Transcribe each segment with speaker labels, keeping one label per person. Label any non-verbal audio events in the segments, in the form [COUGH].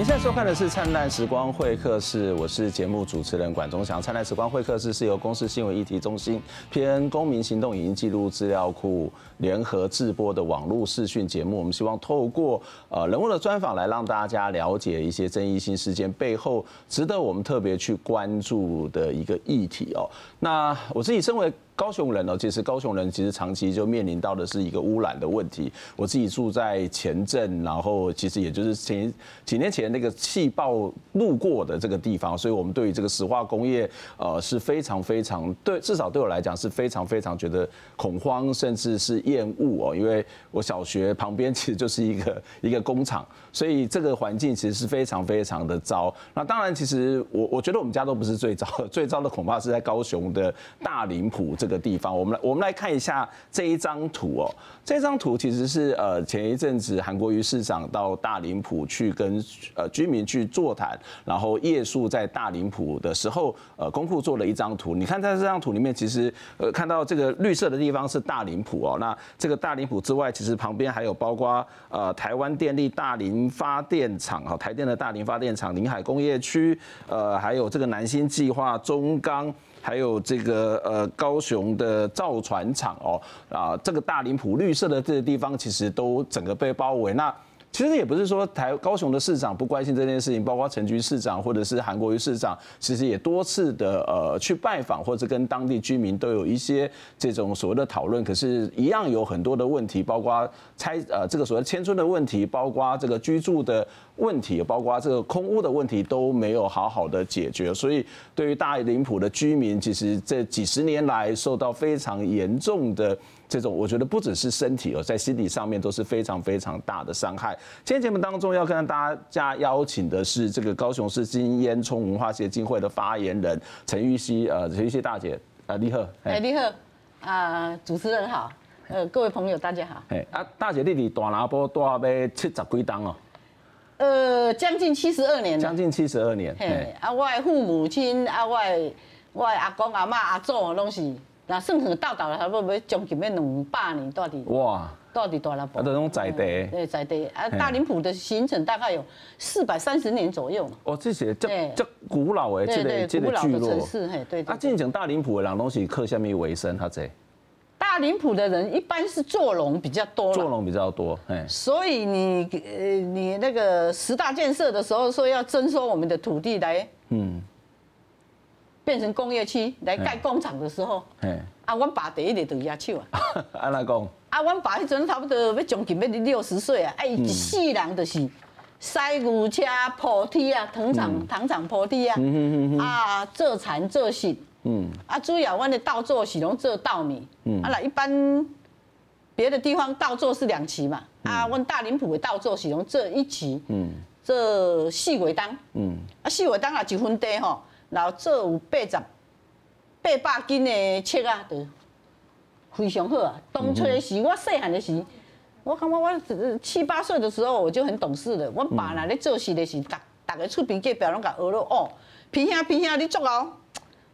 Speaker 1: 您現在收看的是《燦爛時光會客室》，我是節目主持人管中祥。《燦爛時光會客室》是由公視新聞議題中心、偏公民行動影音紀錄資料庫聯合制播的網絡視訊節目。我們希望透過呃人物的專訪，來讓大家了解一些爭議性事件背後值得我們特別去關注的一個議題哦。那我自己身為高雄人呢，其實高雄人其實長期就面臨到的是一個污染的問題。我自己住在前鎮，然後其實也就是前幾年前那個氣爆路過的這個地方，所以我們對於這個石化工業，呃，是非常非常對，至少對我來講是非常非常覺得恐慌，甚至是厭惡哦。因為我小學旁邊其實就是一個一個工廠，所以這個環境其實是非常非常的糟。那當然，其實我我覺得我們家都不是最糟的，最糟的恐怕是在高雄的大林蒲這個。的地方，我們來我們來看一下這一張圖哦、喔。這張圖其實是呃前一陣子韓國瑜市長到大林蒲去跟呃居民去座談，然後夜宿在大林蒲的時候，呃公庫做了一張圖。你看在這張圖裡面，其實呃看到這個綠色的地方是大林蒲哦、喔。那這個大林蒲之外，其實旁邊還有包括呃台灣電力大林發電廠台電的大林發電廠、臨海工業區，呃還有這個南星計畫中鋼。還有這個呃高雄的造船廠哦啊，這個大林蒲綠色的這個地方其實都整個被包圍。那其實也不是說台高雄的市長不關心這件事情，包括陳菊市長或者是韓國瑜市長，其實也多次的呃去拜訪或者跟當地居民都有一些這種所謂的討論。可是，一樣有很多的問題，包括拆呃這個所謂遷村的問題，包括這個居住的。問題，包括這個空汙的問題都沒有好好的解決，所以對於大林蒲的居民，其實這幾十年來受到非常嚴重的這種，我覺得不只是身體哦，在心理上面都是非常非常大的傷害。今天節目當中要跟大家邀請的是這個高雄市金煙囪文化協進會的發言人陳玉西，呃，陳玉西大姐，呃，你好，哎，
Speaker 2: 你好，啊，主持人好，呃，各位朋友大家好，哎、
Speaker 1: 欸，啊，大姐，你佇大林蒲住要七十幾棟哦、啊。
Speaker 2: 呃，將近，近七十二年。將
Speaker 1: 近七十二年。
Speaker 2: 嘿、啊，啊，我誒父母親，啊我誒我誒阿公阿媽阿祖，攏是，那算很到到了差不多將近要兩百年到底。哇！到底大林蒲。啊，這種在地。誒，在地。啊，對大林蒲的形成大概有四百三十年左右。
Speaker 1: 哦，這些這對這古老誒、這個，這裡這的城市。嘿，對的。啊，最近大林蒲誒人攏是刻下面為生這，他在。
Speaker 2: 大林蒲的人一般是坐農比，比較多，坐農
Speaker 1: 比較多，哎，
Speaker 2: 所以你呃，你那個十大建設的時候說要徵收我們的土地來，嗯，變成工業區來蓋工廠的時候，哎、嗯，嗯、啊，我爸第一日就壓手啊，
Speaker 1: 啊，哪講？
Speaker 2: 啊，我爸迄陣差不多要將近要六十歲啊，哎，四人就是塞牛車、坡梯啊、藤、嗯、糖廠、糖廠坡梯啊，嗯嗯嗯嗯、啊，坐殘坐死。嗯啊，主要我哋稻作是攏做稻米，嗯、啊啦，一般別的地方稻作是兩期嘛，嗯、啊，阮大林蒲嘅稻作是攏做一期
Speaker 3: 嗯，
Speaker 2: 做四月單，嗯、啊，四月單啊，一分地吼、哦，然後做有八十、八百斤的七啊，就非常好啊。當初的時我細漢嘅時，我感覺我七八歲的時候我就很懂事了。阮爸若咧做事咧是，逐逐個厝邊隔壁攏甲惡咯哦，平兄平兄，你作哦。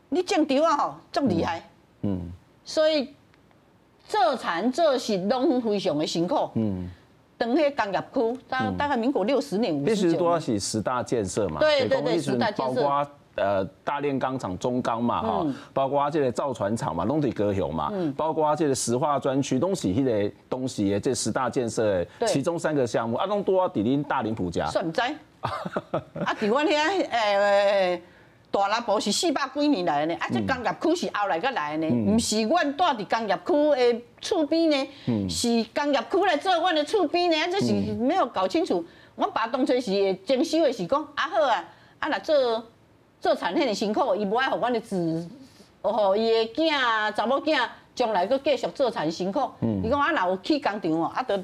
Speaker 2: 你種稻啊吼，這麼厲害嗯。嗯。所以做船做事攏非常的辛苦。嗯。當迄個工業區，大概大概民國六十年五十九。歷史多
Speaker 1: 是十大建設嘛、嗯。對對對。包括呃大煉鋼廠、中鋼嘛哈，包括啊這個造船廠嘛，攏佇高雄嘛，包括啊這個石化專區，都是迄個東西的這十大建設的其中三個項目啊，攏多佇恁大林蒲家。算
Speaker 2: 唔知？啊佇哈哈。啊，誒、 [LAUGHS] 啊、我遐誒。欸欸欸大林蒲是四百幾年來呢，啊！這工業區是後來才來呢，毋是阮住佇工業區誒厝邊呢，是工業區來做阮誒厝邊呢，啊！這是沒有搞清楚，嗯、阮爸當初是徵收誒，是講啊好啊，啊！若做做田業辛苦，伊無愛互阮誒子哦伊誒囝查某囝將來閣繼續做田辛苦，伊講、嗯、啊，若有去工廠哦，啊，著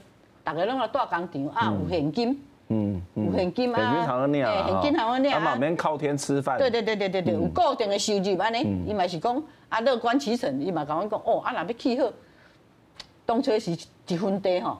Speaker 2: 大家攏來住工廠啊，有現金。嗯
Speaker 1: 嗯，有現金啊，現金好安尼啊，啊，免靠天吃飯。對對對
Speaker 2: 對對對，有固定的收入，安尼，伊嘛是講啊樂觀其成，伊嘛甲阮講哦，啊，若要去好，當初是一分地吼，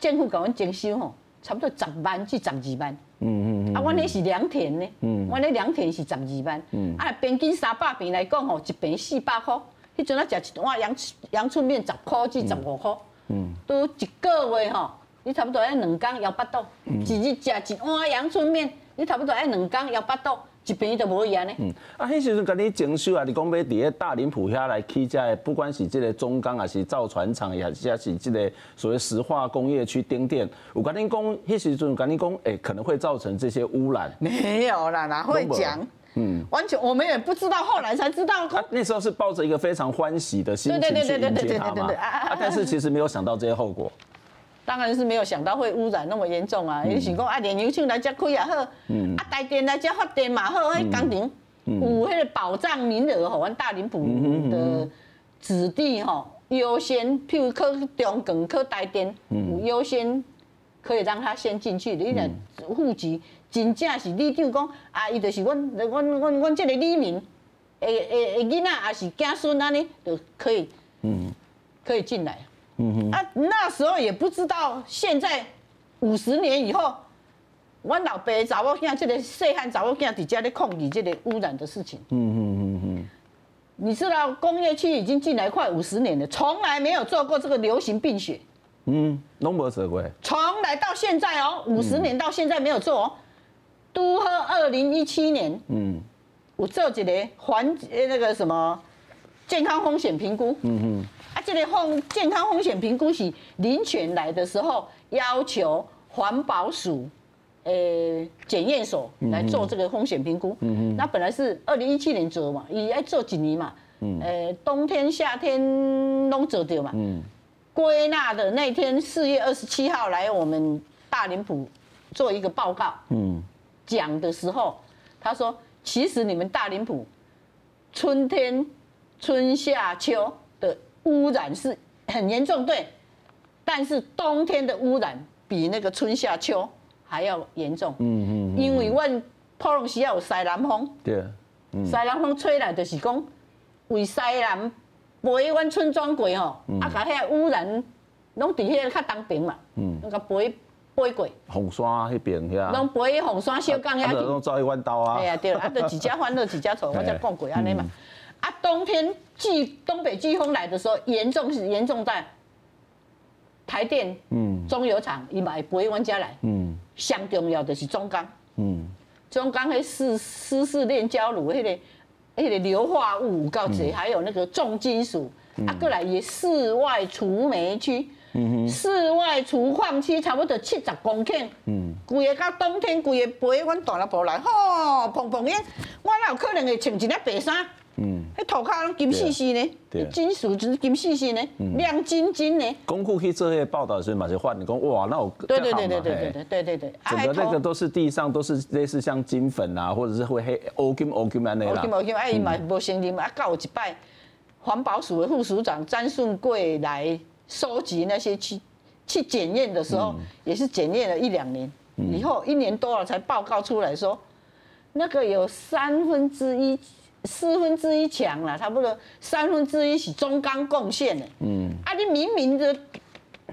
Speaker 2: 政府甲阮徵收吼，差不多十萬至十二萬。
Speaker 3: 嗯嗯啊，阮
Speaker 2: 那是良田呢，嗯，阮那良田是十二萬。嗯。啊，平均三百平來講吼，一平四百塊，迄陣啊，食一碗陽陽春麵十塊至十五塊，嗯，都一個月吼。你差不多愛兩港搖八島，嗯、一日食一碗陽春麵。你差不多愛兩港搖八島，這邊就無樣呢、
Speaker 1: 嗯。啊，那時候跟你講說啊，你講別底大林蒲下來起家，不管是這個中鋼還是造船廠，也是也是這個所謂石化工業區等等，我甲你講，那時候有甲你講、欸、可能會造成這些污染。沒有啦，哪會講？嗯，完全我們也不知道，後來才知道、啊。那時候是抱着一個非常歡喜的心情去對對對對啊，啊啊但是其實沒有想到這些後果。
Speaker 2: 當然是沒有想到會污染那麼嚴重啊！也、就是講啊，煉油廠來遮開也好，嗯、啊，台電來遮發電嘛好，迄、嗯、工廠有迄個保障名額吼，阮大林蒲
Speaker 3: 的子
Speaker 2: 弟吼、哦、優先，譬如去中鋼去台電有優先，可以讓他先進去。你若戶籍真正是，你就講啊，伊就是阮阮阮阮即個里民，誒誒誒，囡仔也是家孫啊，你就可以，可以進來。啊，那時候也不知道，現在五十年以後，我老爸、查某囝、這些細漢查某囝，底家咧控制這些污染的事情。
Speaker 3: 嗯嗯
Speaker 2: 嗯嗯，嗯嗯，你知道工業區已經進來快五十年了，從來沒有做過這個流行病學。
Speaker 1: 嗯，攏沒做過。
Speaker 2: 從來到現在哦，五十年到現在沒有做。哦。剛好二零一七年，嗯，我做一個環那個什麼健康風險評估。嗯哼。嗯嗯這個風健康風險評估是林全來的時候要求環保署、呃檢驗所來做這個風險評估。嗯嗯。那本來是二零一七年做的嘛，也愛做幾年嘛？嗯。呃，冬天、夏天弄做掉嘛？嗯。歸納的那天四月二十七號來我們大林蒲做一個報告。嗯。講的時候，他說：“其實你們大林蒲春天、春夏、秋。”污染是很嚴重，對。但是冬天的污染比那個春夏秋還要嚴重。嗯嗯。嗯因為阮普隆西亞有西南風，
Speaker 1: 對啊。嗯、
Speaker 2: 西南風吹來，就是講為西南背阮村莊過吼，啊，甲遐污染攏佇遐較東邊嘛。嗯。攏背背過。
Speaker 1: 紅山迄邊遐。攏
Speaker 2: 背紅山小港遐就。攏
Speaker 1: 走去彎道啊。哎呀，對，啊，就幾家
Speaker 2: 歡樂幾家愁，我只講過安尼對嘛。嗯啊，冬天季東北季風來的時候，嚴重是嚴重在台電、嗯，中油廠，伊嘛會背阮遮來，嗯，上重要的是中鋼，嗯，中鋼迄四濕四煉四焦爐、那個，迄個迄個硫化物，到者、嗯、還有那個重金屬，嗯、啊，過來伊室外除煤區，嗯哼室外除礦區，差不多七十公頃，嗯，規個到冬天，規個背阮大老婆來，吼、哦，砰砰的，我哪有可能會穿一件白衫？嗯，那土坑金細細呢？金屬金細細呢，亮晶晶呢。
Speaker 1: 過去去做那個報道的時候，嘛就換講哇，那我對對對對對對
Speaker 2: 對對，對，對，對整個那個
Speaker 1: 都是地上都是類似像金粉啊，或者是會黑金黑金
Speaker 2: 啊，到有一拜環保署的副署長詹順貴來收集那些去去檢驗的時候，嗯、也是檢驗了一兩年、嗯、以後，一年多了才報告出來說，那個有三分之一。四分之一強啦，差不多三分之一是中鋼貢獻的。嗯，啊，你明明的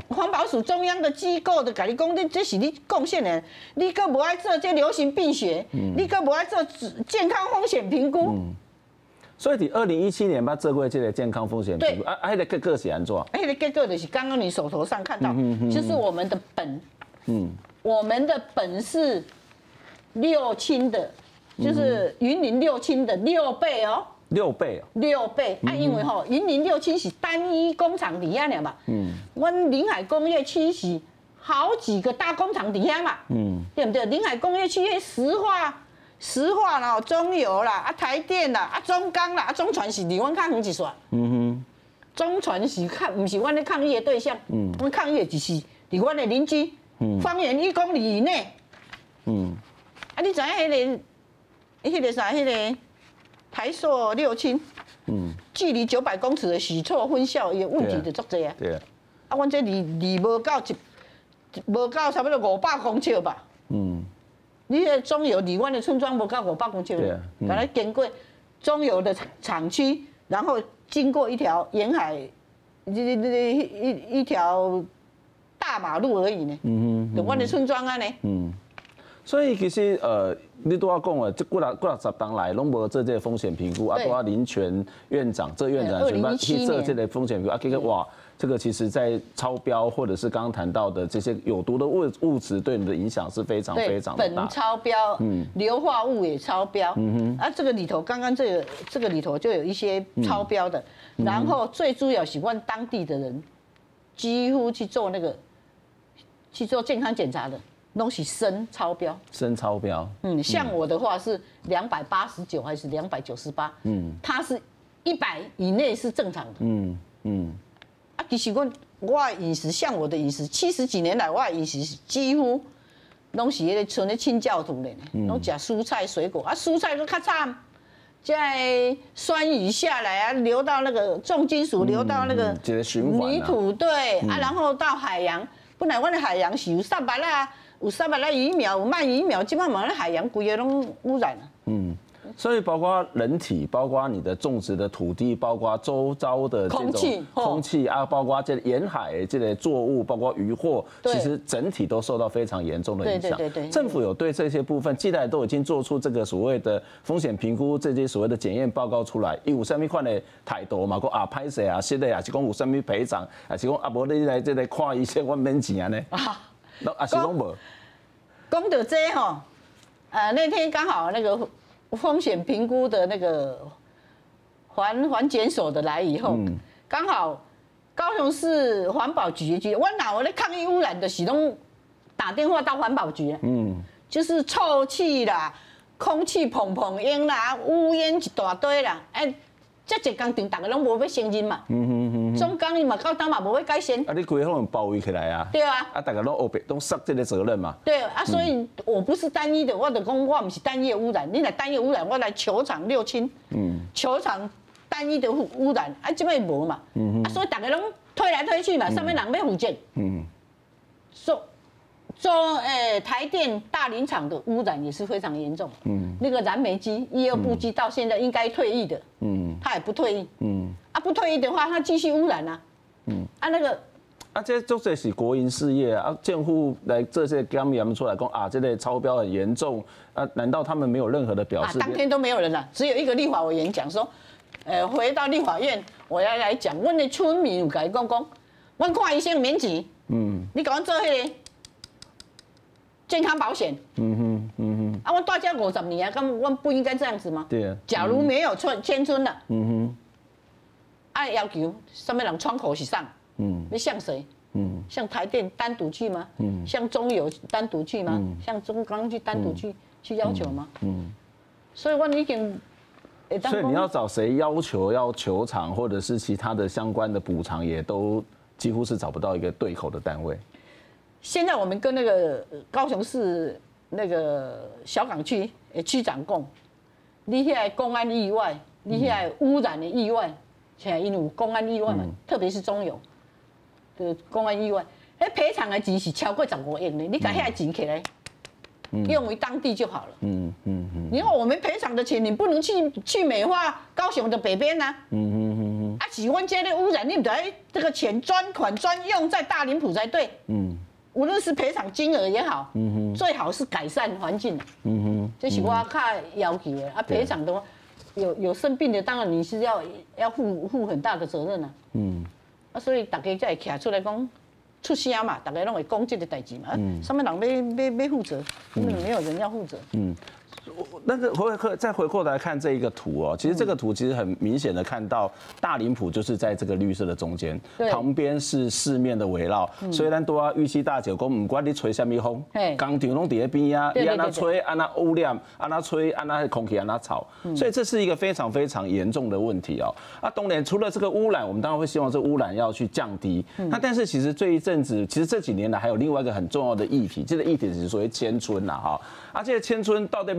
Speaker 2: 環保署中央的機構的，跟你講，的，這是你貢獻的，你擱無愛做這流行病學，嗯、你擱無愛做健康風險評估。嗯，
Speaker 1: 所以你二零一七年，他做過這個健康風險評估，對啊，還、那、還個是怎個是安裝
Speaker 2: 哎，得個個就是剛剛你手頭上看到，就是我們的本，嗯，嗯我們的本是六千的。就是雲林六輕的六倍哦、喔，
Speaker 1: 六倍哦、喔，
Speaker 2: 六倍。嗯、哼啊，因為吼，雲林六輕是單一工廠底下嘛，嗯，我們臨海工業區是好幾個大工廠底下嘛，嗯，對不對？臨海工業區石化、石化啦、哦、中油啦、啊台電啦、啊中鋼啦、啊中船是離我較遠一甩，嗯
Speaker 3: 哼，
Speaker 2: 中船是看，唔、嗯、哼是，是我咧抗議的對象，嗯，我抗議的就是離我的鄰居，方圓一公里以
Speaker 3: 內，
Speaker 2: 嗯，啊，你伊迄個啥？迄、那個台塑六輕，嗯，距離九百公尺的許厝分校的問題就足儕了啊。對啊。啊，阮這離離無到一，無到差不多五百公尺吧。嗯。你個中油離阮的村莊無到五百公尺，對啊。但、嗯、咧、嗯、經過中油的廠區，然後經過一條沿海一一一一條大馬路而已呢。嗯哼，嗯哼。離阮的村莊安尼。
Speaker 1: 嗯。所以其實呃。你說年年都要講了這過了過了十天來，弄不這些風險評估啊，都要林全院長，這個、院長全部替這屆的風險評估啊，這個哇，這個其實在超標，或者是剛剛談到的這些有毒的物物質對你的影響是非常非常的大。本超
Speaker 2: 標，嗯，硫化物也超標，嗯哼，啊，這個裡頭剛剛這個這個裡頭就有一些超標的，嗯、然後最主要喜歡當地的人幾乎去做那個去做健康檢查的。攏是砷超標，
Speaker 1: 砷超標。
Speaker 2: 嗯，像我的話是兩百八十九還是兩百九十八？嗯，它是一百以內是正常的。嗯
Speaker 3: 嗯。
Speaker 2: 嗯啊，其實我我的飲食像我的飲食，七十幾年來我的飲食是幾乎攏是個像的清教徒咧，攏食、嗯、蔬菜水果啊，蔬菜都較差。再酸雨下來啊，流到那個重金屬，流到那個循環、啊、泥土對，嗯、啊，然後到海洋。本來我的海洋是沙百啦。有三百那一苗，有萬一苗，基本上那海洋龜也攏污染了。嗯，
Speaker 1: 所以包括人體，包括你的種植的土地，包括周遭的這種空氣，空氣啊，包括這沿海這類作物，包括漁獲，其實整體都受到非常嚴重的影響。對對對，對，對，對，政府有對這些部分，既然都已經做出這個所謂的風險評估，這些所謂的檢驗報告出來，五三米款的太多嘛？講啊，拍攝啊？現在啊？是講五三米賠償？啊，是講阿伯你來這來跨一下，我免錢啊呢？那阿西龍不？
Speaker 2: 講到遮吼，呃，那天剛好那個風險評估的那個環環檢所的來以後，剛、嗯、好高雄市環保局局，我哪我的抗議污染的時陣，打電話到環保局嗯，就是臭氣啦，空氣蓬蓬煙啦，烏煙一大堆啦，哎、啊，這幾工場，大家攏不會聲音嘛？嗯中間伊嘛，到當下無會改善。
Speaker 1: 啊，你各方包圍起來啊。對啊。啊，大家攏後背攏甩責任嘛。
Speaker 2: 對啊，啊，所以我不是單一的，我就講我唔是單一污染。你若單一污染，我來球場六親。嗯。球場單一的污染，啊，即賣無嘛。嗯嗯。所以大家攏推來推去嘛，上面人要負責。嗯。說，台電大林廠的污染也是非常嚴重。嗯，那個燃煤機、一二部機到現在應該退役的，嗯，他也不退役，嗯，啊，不退役的話，他繼續污染啊，嗯，啊那個，
Speaker 1: 啊，這這些是國營事業啊，政府來這些給我們出來講啊，這類超標很嚴重、啊，難道他們沒有任何的表示？啊、當天
Speaker 2: 都沒有人了、啊，只有一個立法委員講說、呃，回到立法院，我要來講，問那村民我甲講講，阮看醫生免錢，嗯，你甲阮做健康保險，嗯哼，嗯哼，啊，我待這裡五十年啊，我不應該這樣子嗎？對啊，
Speaker 3: 嗯。假如沒
Speaker 2: 有村遷村了，嗯哼、嗯，按要，要求，上面人窗口是上？嗯誰，你向誰？嗯，向台電單獨去嗎？嗯，向中油單獨去嗎？嗯，像，向中鋼去單獨去，嗯、去要求嗎？
Speaker 1: 嗯，
Speaker 2: 所以，我已經，所以你要
Speaker 1: 找誰要求要求償，或者是其他的相關的補償，也都幾乎是找不到一個對口的單位。
Speaker 2: 現在我們跟那個高雄市那個小港區區長講，你起來公安意外，嗯、你起來汙染的意外，現在因為有公安意外嘛，嗯、特別是中油的公安意外，誒，賠償的錢是超過全國用的，你再個錢起來，用為當地就好
Speaker 3: 了。
Speaker 2: 嗯嗯嗯。你說我們賠償的錢，你不能去去美化高雄的北邊吶、啊。嗯嗯嗯嗯。啊，汐溫街的汙染，你不得這個錢專款專用在大林蒲才對。嗯。無論是賠償金額也好，嗯、哼最好是改善環境。嗯、哼這是我要要求的。嗯、哼啊，賠償的話，有有生病的，當然你是要要負負很大的責任啊。
Speaker 3: 嗯、
Speaker 2: 所以大家才會站出來講，出聲嘛，大家攏會講這個代志嘛。上面、嗯、人沒沒沒負責。嗯、因為沒有人要負責。嗯
Speaker 1: 我但是回再回過來看這一個圖哦、喔，其實這個圖其實很明顯的看到大林蒲就是在這個綠色的中間對，旁邊是四面的圍繞、嗯，所以咱多啊玉西大姐說不管你吹什麼風，哎，工廠攏在那邊呀，對，讓它吹，讓它污染，讓它吹，讓它空氣讓它吵，所以這是一個非常非常嚴重的問題哦、喔。啊，當然除了這個污染，我們當然會希望這個污染要去降低，嗯、那但是其實這一陣子，其實這幾年呢，還有另外一個很重要的議題，這個議題就是所謂遷村吶哈，啊，這個遷村到底。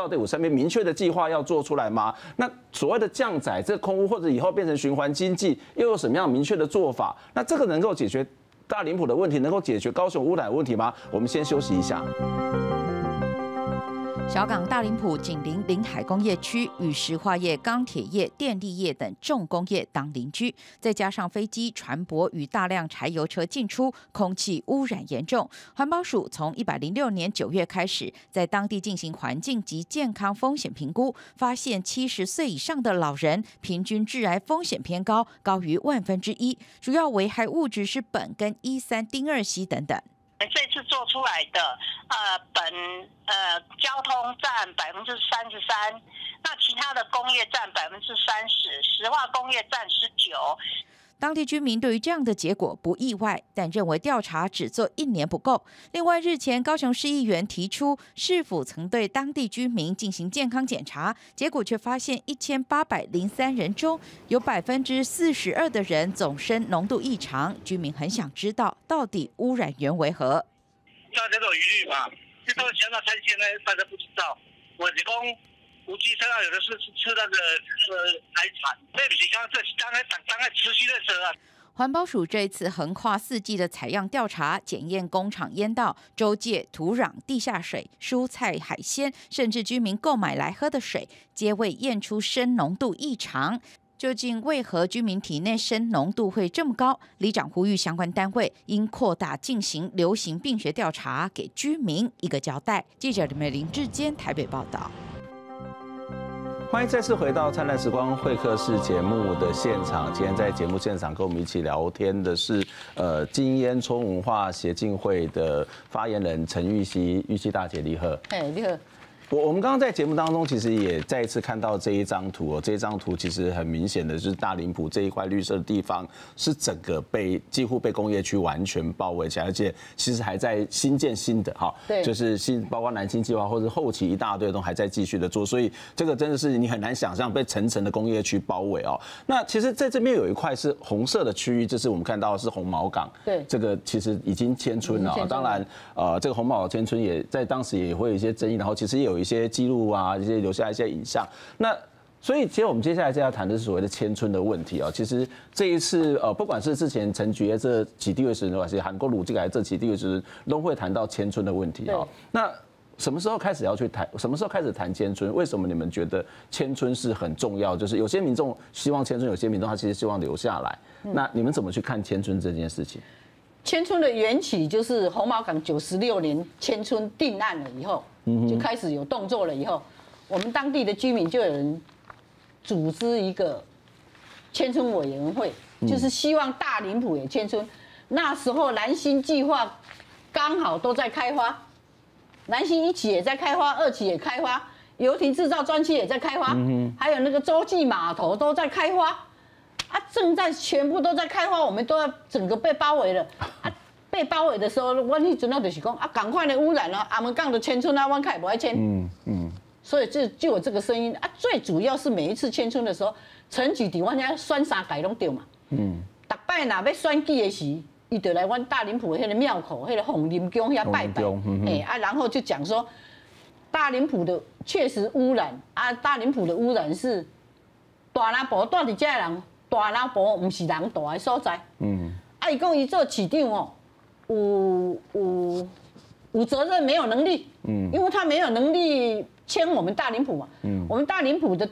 Speaker 1: 到隊伍上面，明確的計劃要做出來嗎？那所謂的降載，這空污，或者以後變成循環經濟，又有什麼樣明確的做法？那這個能夠解決大林蒲的問題，能夠解決高雄污染問題嗎？我們先休息一下。
Speaker 4: 小港大林蒲緊鄰臨海工業區，與石化業、鋼鐵業、電力業等重工業當鄰居，再加上飛機、船舶與大量柴油車進出，空氣污染嚴重。環保署從一百零六年九月開始，在當地進行環境及健康風險評估，發現七十歲以上的老人平均致癌風險偏高，高於萬分之一，100，主要危害物質是苯跟一三丁二烯等等。
Speaker 2: 這次做出來的，呃，本呃交通佔百分之三十三，那其他的工業佔百分之三十，石
Speaker 4: 化工業佔十九。當地居民對於這樣的結果不意外，但認為調查只做一年不夠。另外，日前高雄市議員提出，市府曾對當地居民進行健康檢查，結果卻發現一千八百零三人中有百分之四十二的人總砷濃度異常。居民很想知道，到底污染源為何？
Speaker 3: 大家都有疑慮嘛，因為到現在大家都不知道，我無
Speaker 4: 機砷啊，有的是吃那個那個海產，對不起，剛剛是剛剛講吃硒的車啊。環保署這一次橫跨四季的採樣調查，檢驗工廠煙道、周界、土壤、地下水、蔬菜、海鮮，甚至居民購買來喝的水，皆未驗出砷濃度異常。究竟為何居民體內砷濃度會這麼高？李長呼籲相關單位應擴大進行流行病學調查，給居民一個交代。記者李美玲、林志堅，台北報道。
Speaker 1: 歡迎再次回到《燦爛時光會客室》節目的現場。今天在節目現場跟我們一起聊天的是，呃，金煙囪文化協進會的發言人陳玉西，玉西大姐，你好。你好。我我們剛剛在節目當中，其實也再一次看到這一張圖哦、喔。這一張圖其實很明顯的，就是大林蒲這一塊綠色的地方，是整個被幾乎被工業區完全包圍起來，而且其實還在新建新的哈。對，就是新包括南星計劃或者後期一大堆都還在繼續的做，所以這個真的是你很難想象被層層的工業區包圍哦。那其實在這邊有一塊是紅色的區域，就是我們看到是紅毛港。對，這個其實已經遷村了。當然，呃，這個紅毛遷村也在當時也會有一些爭議，然後其實也有。一些記錄啊，一些留下一些影像。那所以，其實我們接下來就要談的是所謂的遷村的問題啊。其實這一次，呃，不管是之前陳菊這幾屆的市長，還是韓國瑜這個這幾屆的市長，都會談到遷村的問題啊。對 那什麼時候開始要去談？什麼時候開始談遷村？為什麼你們覺得遷村是很重要？就是有些民眾希望遷村，有些民眾他其實希望留下來。嗯、那你們怎麼去看遷村這件事情？
Speaker 2: 遷村的緣起就是紅毛港九十六年遷村定案了以後。就開始有動作了以後，我們當地的居民就有人組織一個遷村委員會，就是希望大林蒲也遷村。那時候南星計畫剛好都在開花，南星一期也在開花，二期也開花，遊艇製造專區也在開花，還有那個洲際碼頭都在開花，它正在全部都在開花，我們都要整個被包圍了。啊被包圍的時候，阮迄陣啊就是講啊，趕快的污染，喔、了！阿門講的遷村啊，阮開也不愛遷。嗯嗯。所以就就有這個聲音啊，最主要是每一次遷村的時候，陳舉在阮遐選三改攏對嘛。嗯。逐擺若要選舉的時，伊就來阮大林蒲迄個廟口，迄，那個鳳林宮遐拜拜。哎、嗯嗯欸、啊，然後就講說，大林蒲的確實污染啊，大林蒲的污染是大老婆蹛佇即個人，大老婆唔是人蹛的所在。
Speaker 3: 嗯。
Speaker 2: 啊，伊講伊做市長哦、喔。有有有責任，沒有能力，嗯，因為他沒有能力遷我們大林蒲嘛，嗯，我們大林蒲的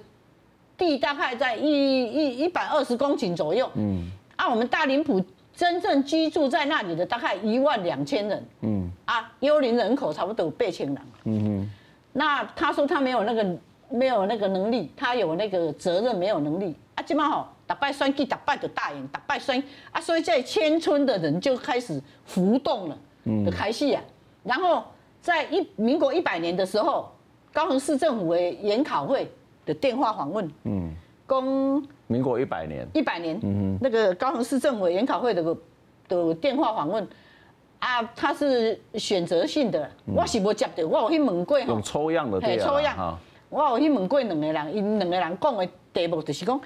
Speaker 2: 地大概在一一一百二十公頃左右，嗯，啊，我們大林蒲真正居住在那裡的大概一萬兩千人，嗯，啊，幽靈人口差不多有八千人，嗯嗯 哼，那他說他沒有那個沒有那個能力，他有那個責任沒有能力，啊，這麼好。打敗算計，打敗著大贏，打敗算啊，所以在遷村的人就開始浮動了，就開始啊。嗯、然後在一民國一百年的時候，高雄市政府研考會的電話訪問，嗯，公說
Speaker 1: 民國一百年，一百年，嗯哼那
Speaker 2: 個高雄市政府研考會的個的電話訪問啊，他是選擇性的，嗯、我是無接到，我有去問過，用
Speaker 1: 抽樣的對，對抽樣，
Speaker 2: 好我有去問過兩個人，因兩個人講的題目就是講。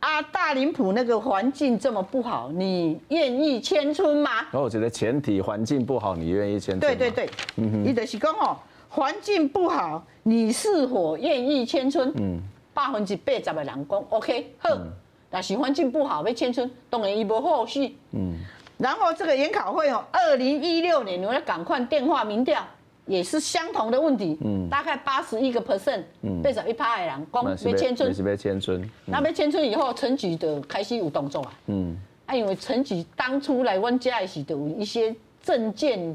Speaker 2: 啊，大林蒲那個環境這麼不好，你願意遷村嗎？
Speaker 1: 那、哦、我覺得前提環境不好，你願意遷村？對
Speaker 2: 對對，嗯哼，一直是講哦，環境不好，你是否願意遷村？嗯，百分之八十的人講，OK，好，但、嗯、是環境不好要遷村，當然伊無後續。嗯，然後這個研考會哦，二零一六年，你們要趕快電話民調。也是相同的問題，嗯、大概八十一個 percent 被找一、嗯、批人，講被遷村，是
Speaker 1: 被遷村，
Speaker 2: 那被遷村以後，陳菊就開始有動作啊，
Speaker 3: 嗯，
Speaker 2: 啊，因為陳菊當初來阮家的時候，有一些政見，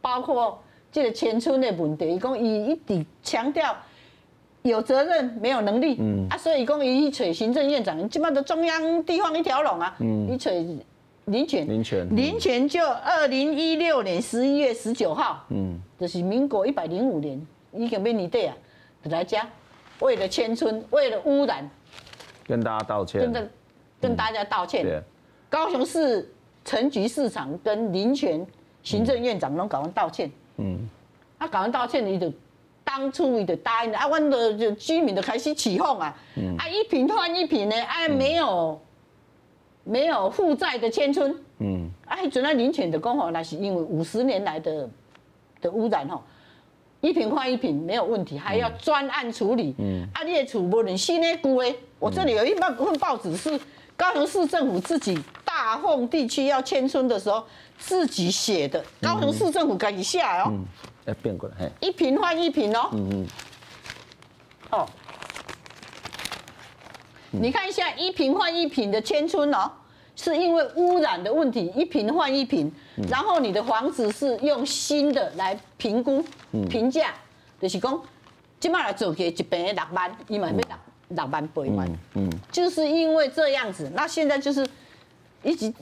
Speaker 2: 包括這個遷村的問題，伊講伊一直強調有責任沒有能力，嗯，啊，所以講伊一扯行政院長，基本上都中央地方一條龍啊，嗯，一扯。林全，林全，林全，就二零一六年十一月十九號，嗯，就是民國一百零五年，一個便利隊啊，來家，為了遷村，為了污染，
Speaker 1: 跟大家道歉，真的、這
Speaker 2: 個，嗯、跟大家道歉，對高雄市陳菊市長跟林全行政院長攏搞完道歉，嗯，他搞完道歉，你就當初你就答應了，啊，問的就居民就開始起哄、嗯、啊，啊一坪換一坪的，啊沒有。沒有負債的遷村，嗯，哎、啊，准來領取的，剛好那是因為五十年來的的污染哦，一坪換一坪沒有問題，還要專案處理，嗯，啊，業處不能吸的股哎，嗯、我這裡有一份報紙是高雄市政府自己大鳳地區要遷村的時候自己寫的，高雄市政府給一下哦，嗯，要
Speaker 1: 變過來，
Speaker 2: 一坪換一坪哦，嗯嗯
Speaker 3: 哼，
Speaker 2: 好、哦。你看一下一坪換一坪的遷村哦，是因為汙染的問題，一坪換一坪，嗯、然後你的房子是用新的來評估、評價、嗯，就是講，這麼來做個一坪六萬，你們要六、嗯、六萬八萬，嗯，嗯就是因為這樣子，那現在就是一直，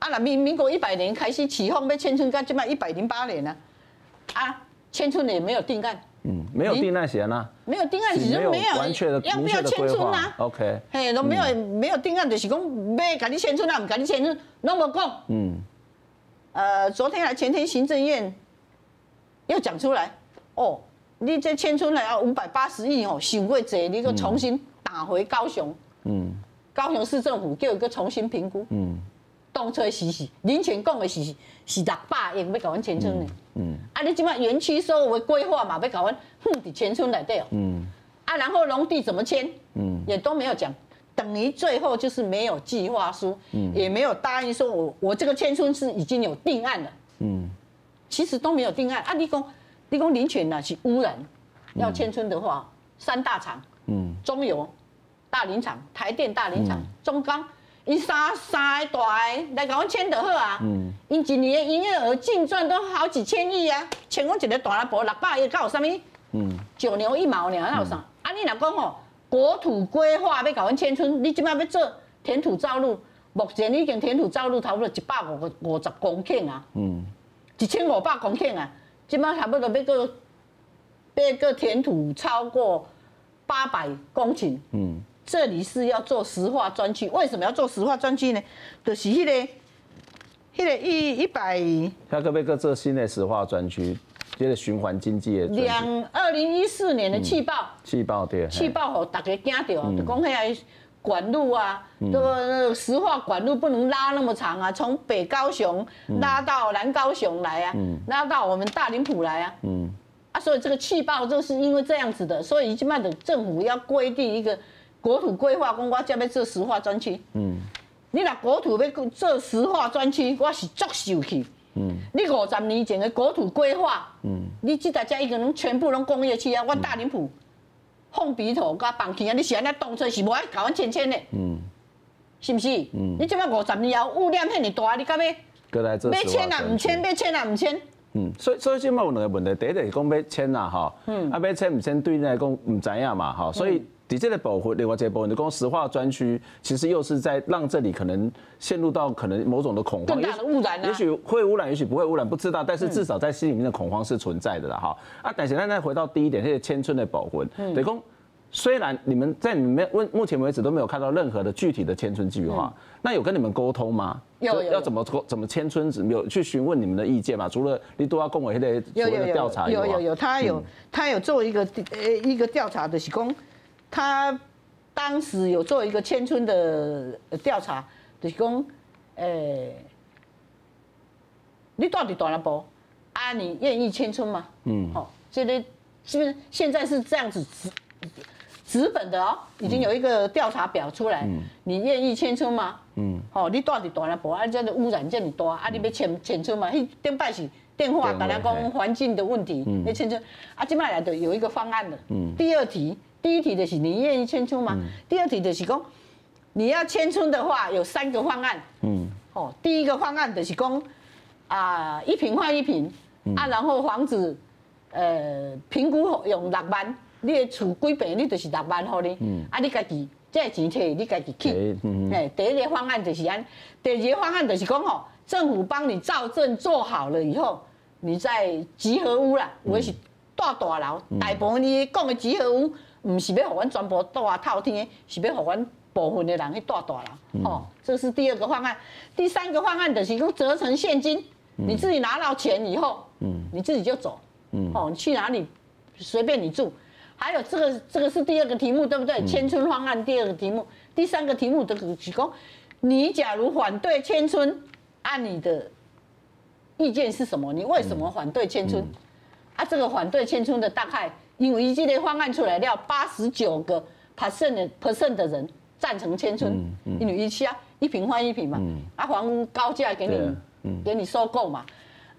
Speaker 2: 啊民民國一百年開始起哄，被遷村干，就賣一百零八年了，啊，遷村也沒有定案。
Speaker 1: 嗯，沒有定案寫呢，
Speaker 2: 沒有定案寫就沒有明確的明確的
Speaker 1: 規劃 OK，嘿，
Speaker 2: 都沒有、嗯、沒有定案，就是講要給你遷出、啊，來不給你遷出，攏無講。嗯，呃，昨天還前天行政院又講出來，哦，你這遷出來要五百八十億哦，想過濟，你個重新打回高雄。
Speaker 3: 嗯，
Speaker 2: 高雄市政府給我一個重新評估。嗯。動車是是林權講的是是是六百億沒搞完全村的，嗯，啊你即馬園區所有規劃嘛要搞完，阮的全村內底哦，嗯，啊，嗯啊然後農地怎麼遷，嗯，也都沒有講，等於最後就是沒有計劃書，嗯，也沒有答應說我我這個遷村是已經有定案了，嗯，其實都沒有定案啊你講，你講林權呢？是污染，嗯、要遷村的話三大廠，嗯，中油、大林廠、台電大林廠、嗯、中鋼。因三三個大個來甲阮遷就好啊！嗯，因一年的營業額淨賺都好幾千億啊，遷我一個大林蒲六百億，甲有啥物？嗯，九牛一毛爾，那有啥？嗯、啊，你若講吼國土規劃要甲阮遷村，你即擺要做填土造路，目前你已經填土造路差不多一百五五十公頃啊，
Speaker 3: 嗯，
Speaker 2: 一千五百公頃啊，即擺差不多要過，要過填土超過八百公頃，嗯。這裡是要做石化專區，為什麼要做石化專區呢？就是迄個、迄個一一百。
Speaker 1: 他準備做新的石化專區，這個循環經濟的。兩
Speaker 2: 二零一四年的氣爆。
Speaker 1: 氣爆對。氣爆
Speaker 2: 大家驚到就講起管路啊，這石化管路不能拉那麼長啊，從北高雄拉到南高雄來啊，拉到我們大林蒲來啊。嗯。啊，所以這個氣爆就是因為這樣子的，所以已經慢的政府要規定一個。國土規劃講我接要做石化專區，嗯，你若國土要做石化專區，我是作秀去，嗯，你五十年前的國土規劃，嗯，你這大家已經人全部攏工業區啊，我大林蒲，嗯、放鼻頭加放氣啊，你想那東側是無愛甲阮遷遷的，嗯，是不是？嗯，你起碼五十年後污染遐尼大，你干要，
Speaker 1: 要遷啊，唔遷，
Speaker 2: 要遷啊，唔遷，啊、嗯，
Speaker 1: 所以所以現在有兩個問題，第一個是講要遷啊，吼，嗯，啊要遷唔遷對你來講唔知影嘛，吼，所以。嗯。對這個保護另外在保護，你講石化專區，其實又是在讓這裡可能陷入到可能某種的恐慌，的污染，也許會污染，也許不會污染，不知道。但是至少在心裡面的恐慌是存在的了哈。啊，但是現在回到第一點，這些遷村的保護，得講雖然你們在你們問目前為止都沒有看到任何的具體的遷村計劃，那有跟你們溝通嗎？有要怎麼溝怎麼遷村？有去詢問你們的意見嗎？除了你都要工委現在所謂的調查有有，有有有有，有，他有
Speaker 2: 他有做一個呃一個調查的是講。他當時有做一個遷村的調查，就是講，誒、欸，你到底住了不？啊，你願意遷村嗎？嗯，好，現在是這樣子紙紙本的哦，已經有一個調查表出來。嗯、你願意遷村嗎？嗯、好、喔，你到底住了不？啊，這樣的污染這麼多，啊，你,、嗯、啊你要遷遷村嗎？嘿，頂擺是電話本來講環境的問題，要遷村。啊，今擺來的有一個方案了。嗯，第二題。第一題就是你願意遷出嗎？嗯、第二題就是講，你要遷出的話，有三個方案。
Speaker 3: 嗯，
Speaker 2: 哦、喔，第一個方案就是講，啊、呃，一坪換一坪，嗯、啊，然後房子，呃，評估用六萬，你的厝歸備你就是六萬好、嗯啊，你嗯，啊，你家己這錢摕，你家己去。嗯嗯。嘿，第一個方案就是安，第二個方案就是講哦，政府幫你造證做好了以後，你在集合屋啦，或、嗯、是住大樓，大部分你講的集合屋。不是要給阮全部都啊，透天是要給阮部分的人去帶大啦，哦，這是第二個方案。第三個方案就是講折成現金，你自己拿到錢以後，你自己就走，你去哪裡隨便你住。還有這個這個是第二個題目，對不對？遷村方案第二個題目，第三個題目的、就是提供你假如反對遷村，按、啊、你的意見是什麼？你為什麼反對遷村？啊，這個反對遷村的大概。因為一系列方案出來要八十九個 percent 的 percent 的人贊成遷村，嗯嗯、因為一下一坪換一坪嘛，啊房屋高價給你，給你收購嘛，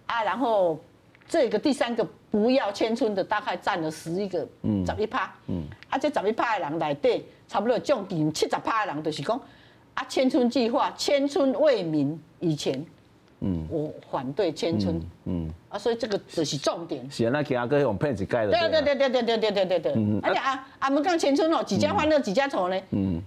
Speaker 2: 啊然後這個第三個不要遷村的大概占了十一個，十一趴，嗯、啊這十一趴的人內底差不多將近七十趴的人就是講啊遷村計劃，遷村未明以前。嗯，我反對遷村、啊嗯，嗯，啊，所以這個就是重點。
Speaker 1: 是啊，那其他個用配置蓋了。對對
Speaker 2: 對對對對對對對對、喔嗯。而且啊，阿們講遷村哦，一家歡樂，一家愁呢。嗯。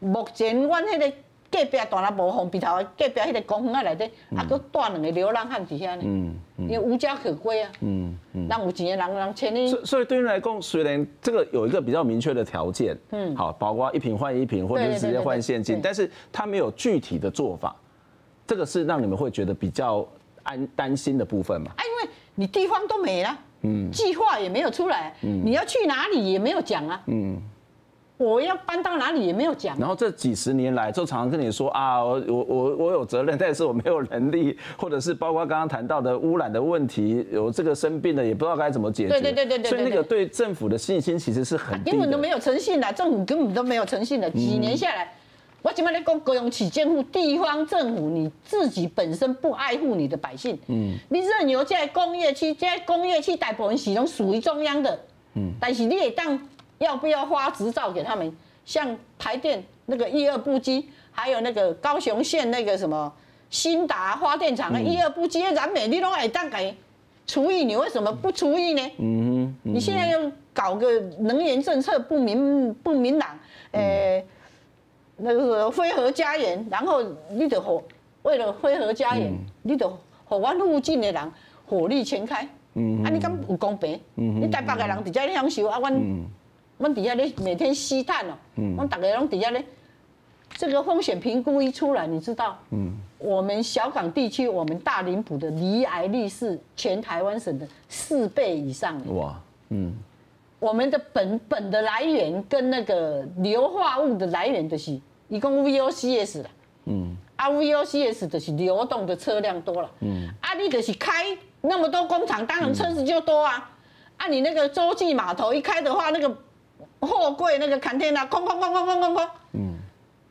Speaker 2: 目前，阮迄個隔壁住咧無房，邊頭隔壁迄個公園啊內底、嗯，啊，都斷兩個流浪漢底下呢。
Speaker 3: 嗯
Speaker 2: 因為無家可歸啊
Speaker 3: 嗯。
Speaker 2: 嗯嗯。哪有錢的人能遷呢？所
Speaker 1: 所以，對於來講，雖然這個有一個比較明確的條件，嗯，好，包括一坪換一坪，或者是直接換現金，但是他沒有具體的做法。這個是讓你們會覺得比較安擔心的部分嘛？
Speaker 2: 啊、因為你地方都沒了，嗯，計劃也沒有出來，嗯，你要去哪裡也沒有講啊，嗯，我要搬到哪裡也沒有講、
Speaker 1: 啊。然後這幾十年來，就常常跟你說啊，我我我有責任，但是我沒有能力，或者是包括剛剛談到的污染的問題，有這個生病了也不知道該怎麼解決，對對對對對,對。所以那個對政府的信心其實是很低，啊、因為都
Speaker 2: 沒有誠信了，嗯、政府根本都沒有誠信了，幾年下來。我只嘛在講，各用起監護地方政府，你自己本身不愛護你的百姓，嗯，你任由在工業區，在工業區大部分始終屬於中央的，嗯，但是你也當要不要發執照給他們？像台電那個一二部機，還有那個高雄縣那個什麼興達發電廠的一二部機，燃煤、嗯、你都愛當給，除役你為什麼不除役呢？嗯哼，
Speaker 3: 嗯哼，你現
Speaker 2: 在要搞個能源政策不明不明朗，誒、欸。嗯那個是非核家園，然後你得火，為了非核家園，嗯、你得和我附近的人火力全開，嗯、哼啊，你敢有公平？嗯、哼你大家個人直接享受，嗯、哼啊，我，嗯、我底下咧每天吸碳哦，嗯、我大家攏直接咧。這個風險評估一出來，你知道？嗯。我們小港地區，我們大林蒲的罹癌率是全台灣省的四倍以上。哇，嗯。我們的本本的來源跟那個硫化物的來源就是，一共 VOCs 啦，嗯，啊 VOCs 就是流動的車輛多了，嗯，啊你就是開那麼多工廠，當然車子就多啊，啊你那個洲際碼頭一開的話，那個貨櫃那個 container 啊，空空哐哐哐哐哐，嗯，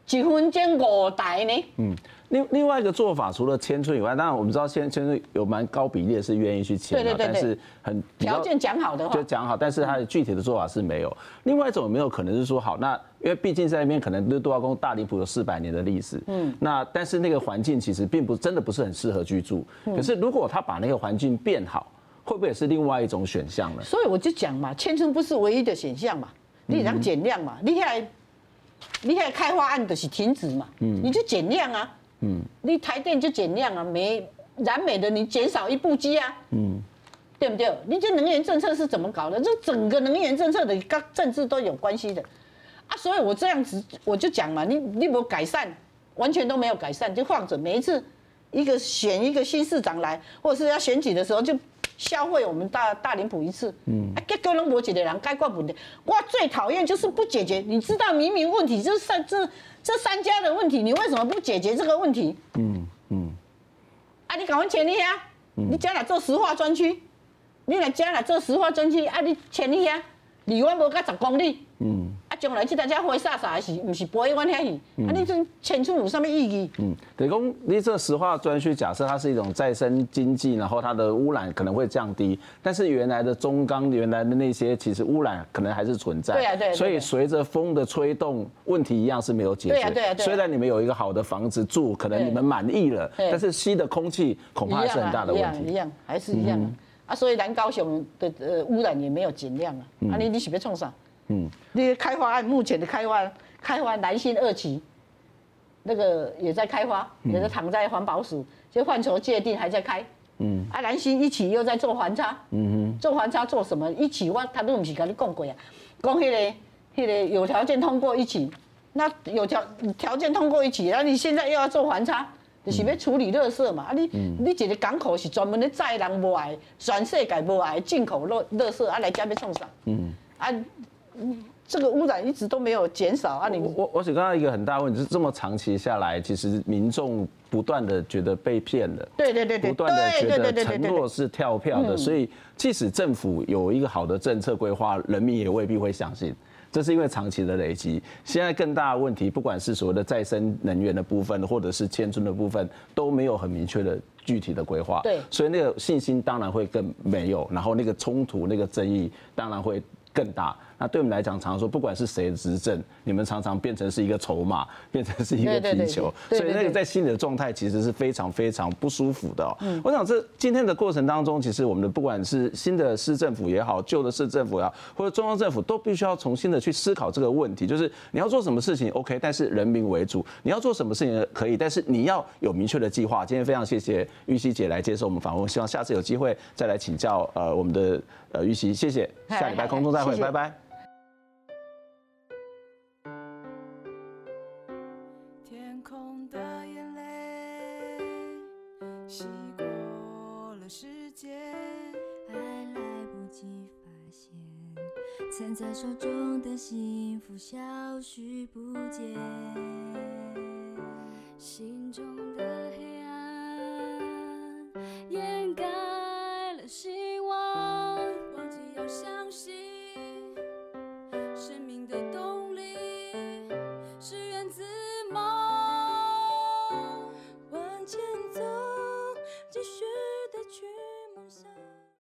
Speaker 2: 幾分鐘五台呢，嗯。
Speaker 1: 另另外一個做法，除了遷村以外，當然我們知道遷遷村有蠻高比例的是願意去遷的，對對對，但是很條件
Speaker 2: 講好的話就
Speaker 1: 講好，但是它的具體的做法是沒有。另外一種有沒有可能是說好，好那因為畢竟在那邊可能都多阿公，大林蒲有四百年的歷史，嗯，那但是那個環境其實並不真的不是很適合居住。嗯，可是如果他把那個環境變好，會不會也是另外一種選項呢？所
Speaker 2: 以我就講嘛，遷村不是唯一的選項嘛，你讓減量嘛，你來你來開發案就是停止嘛，嗯，你就減量啊。嗯，你台電就減量啊，沒燃煤的你減少一部機啊，嗯，對不對？你這能源政策是怎麼搞的？這整個能源政策的跟政治都有關係的，啊，所以我這樣子我就講嘛，你你沒有改善，完全都沒有改善，就放着。每一次一個選一個新市長來，或者是要選舉的時候就。消費我們大大林蒲一次，
Speaker 3: 嗯，該
Speaker 2: 哥倫人解決的，該灌補的，我最討厭就是不解決。你知道明明問題就是這這，這三家的問題，你為什麼不解決這個問題？嗯嗯，
Speaker 3: 嗯啊你
Speaker 2: 嗯你，你趕快遷離啊？你將來做石化專區，你來將來做石化專區，啊，你遷離啊，離我們不到十公里，嗯。將來這大家會沙沙不是，不是陪我遐去？嗯、啊，你這遷出有什麼意義？嗯，
Speaker 1: 就講、是、你這石化專區，假設它是一種再生經濟，然後它的污染可能會降低，但是原來的中鋼原來的那些，其實污染可能還是存在。對啊對。對所以隨着風的吹動，問題一樣是沒有解決。對啊對啊對啊。對啊、雖然你們有一個好的房子住，可能你們滿意了，對但是吸的空氣
Speaker 3: 恐怕是很大的問題。一樣、啊、一樣、
Speaker 2: 啊，還是一樣啊，嗯嗯啊！所以南高雄的呃污染也沒有減量啊！嗯、啊，你你是要創啥？嗯，你開發案，目前的開發，開發南星二期，那個也在開發，嗯、也在躺在環保署，這範疇界定還在開。
Speaker 3: 嗯，啊，
Speaker 2: 南星一期又在做環差。嗯
Speaker 3: 哼。做
Speaker 2: 環差做什麼？一期，我他都唔是跟你講過啊，講迄、那個，迄、那個有條件通過一期，那有條條件通過一期，那、啊、你現在又要做環差，你、就是要處理垃圾嘛？啊，你你這個港口是專門的載人不愛全世界不愛進口垃垃圾，啊來這要創啥？嗯，啊。嗯，這個汙染一直都沒有減少啊你！你我
Speaker 1: 我想看到一個很大問題是這麼長期下來，其實民眾不斷的覺得被騙了，對對對，對，不斷的覺得承諾是跳票的，所以即使政府有一個好的政策規劃，人民也未必會相信。這是因為長期的累積。現在更大的問題，不管是所謂的再生能源的部分，或者是遷村的部分，都沒有很明確的具體的規劃，對，所以那個信心當然會更沒有，然後那個衝突、那個爭議當然會更大。那對我們來講，常常說，不管是誰執政，你們常常變成是一個籌碼，變成是一個皮球，所以那個在心裡的狀態其實是非常非常不舒服的。嗯，我想這今天的過程當中，其實我們的不管是新的市政府也好，舊的市政府也好，或者中央政府，都必須要重新的去思考這個問題，就是你要做什麼事情，OK，但是人民為主；你要做什麼事情可以，但是你要有明確的計劃。今天非常謝謝玉西姐來接受我們訪問，希望下次有機會再來請教。呃，我們的呃玉西，謝謝，下禮拜空中再會，拜拜。
Speaker 4: 手中的幸福消失不見。